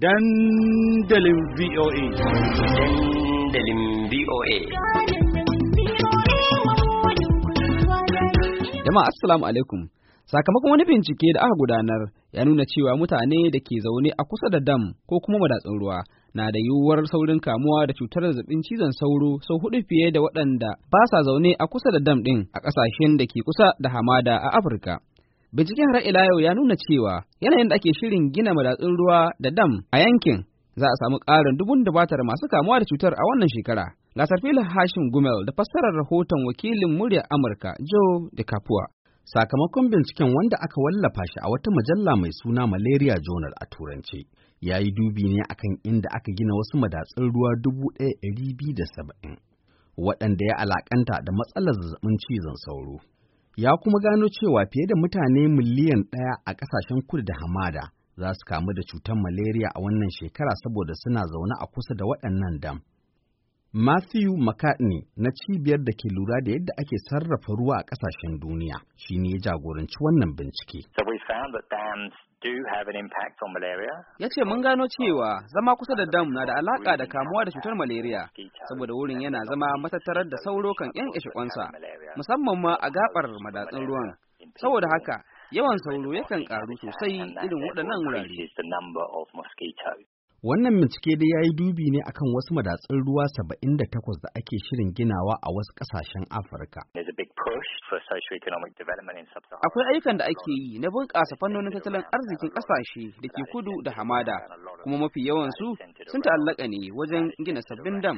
dandalin VOA. Dandalin VOA. Jama'a Assalamu alaikum. Sakamakon wani bincike da aka gudanar ya nuna cewa mutane da ke zaune a kusa da dam ko kuma madatsun ruwa na da yiwuwar saurin kamuwa da cutar zazzabin cizon sauro sau hudu fiye da waɗanda ba sa zaune a kusa da dam ɗin a ƙasashen da ke kusa da hamada a Afirka. Binciken har ila yau ya nuna cewa yanayin da ake shirin gina madatsun ruwa da dam a yankin za a samu ƙarin dubun dubatar masu kamuwa da cutar a wannan shekara. Lasarfila Hashim Gumel da fassarar rahoton wakilin muryar Amurka Joe Kapua. Sakamakon binciken wanda aka wallafa shi a wata majalla mai suna Malaria Journal a Turanci ya yi dubi ne akan inda aka gina wasu madatsun ruwa dubu ɗaya ɗari biyu da saba'in waɗanda ya alaƙanta da matsalar zazzabin cizon sauro. ya kuma gano cewa fiye da mutane miliyan ɗaya a ƙasashen kudu da hamada za su kamu da cutar malaria a wannan shekara saboda suna zaune a kusa da waɗannan dam. Matthew McCartney na cibiyar da ke lura da yadda ake sarrafa ruwa a kasashen duniya shi ne ya jagoranci wannan bincike. Ya ce mun gano cewa zama kusa da dam na da alaƙa da kamuwa da cutar malaria saboda wurin yana zama matattarar da sauro kan 'yan ishikonsa musamman ma a gaɓar madatsin ruwan. Saboda haka yawan sauro yakan ƙaru sosai irin waɗannan wurare. Wannan bincike dai ya yi dubi ne akan wasu madatsun ruwa takwas da ake shirin ginawa a wasu ƙasashen Afirka. Akwai ayyukan da ake yi na bunƙasa fannonin tattalin arzikin ƙasashe da ke kudu da hamada, kuma mafi yawansu sun ta'allaka ne wajen gina sabbin dam.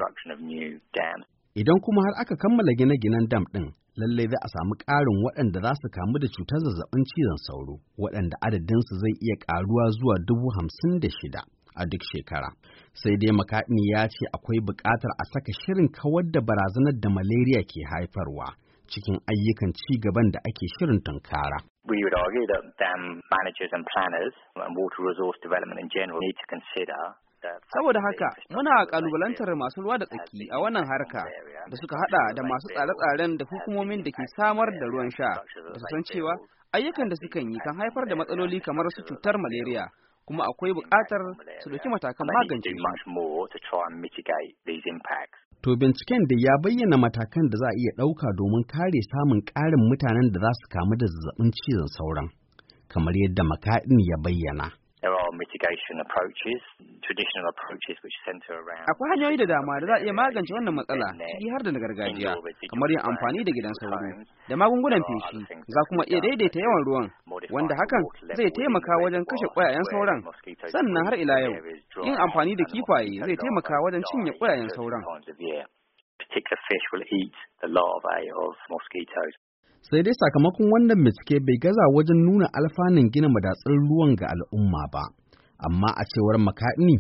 Idan kuma har aka kammala gine-ginen dam ɗin, lallai za a samu ƙarin waɗanda za su kamu da cutar zazzabin cizon sauro, waɗanda adadinsu zai iya ƙaruwa zuwa dubu hamsin da shida. a duk shekara. Sai dai makaɗini ya ce akwai buƙatar a saka shirin kawar da barazanar da malaria ke haifarwa cikin ayyukan ci gaban da ake shirin tunkara. We would argue that dam um, managers and planners and water resource development in general need to consider Saboda haka, muna kalubalantar masu ruwa da tsaki a wannan harka da suka hada da masu tsare-tsaren da hukumomin da ke samar da ruwan sha da su san cewa ayyukan da sukan yi kan haifar da matsaloli kamar su cutar malaria kuma akwai buƙatar su ɗauki matakan magance To binciken da ya bayyana matakan da za a iya ɗauka domin kare samun ƙarin mutanen da za su kamu da zazzabin cizon sauran, kamar yadda makaɗin ya bayyana. traditional approaches which center around akwai hanyoyi da dama da za a iya magance wannan matsala ciki har da na gargajiya kamar yin amfani da gidan sauro da magungunan feshi za kuma iya daidaita yawan ruwan wanda hakan zai taimaka wajen kashe ƙwayayen sauran sannan har ila yau yin amfani da kifaye zai taimaka wajen cinye ƙwayayen sauran sai dai sakamakon wannan bincike bai gaza wajen nuna alfanun gina madatsar ruwan ga al'umma ba. amma a cewar makaɗini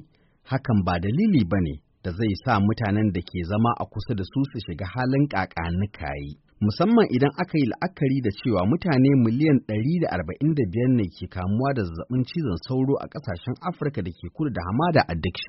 hakan ba dalili ba ne da zai sa mutanen da ke zama a kusa da su su shiga halin ƙaƙanika yi. Musamman idan aka yi la'akari da cewa mutane miliyan ɗari da da arba'in biyar ne ke kamuwa da zazzabin cizon sauro a ƙasashen Afirka da ke kudu da hamada a duk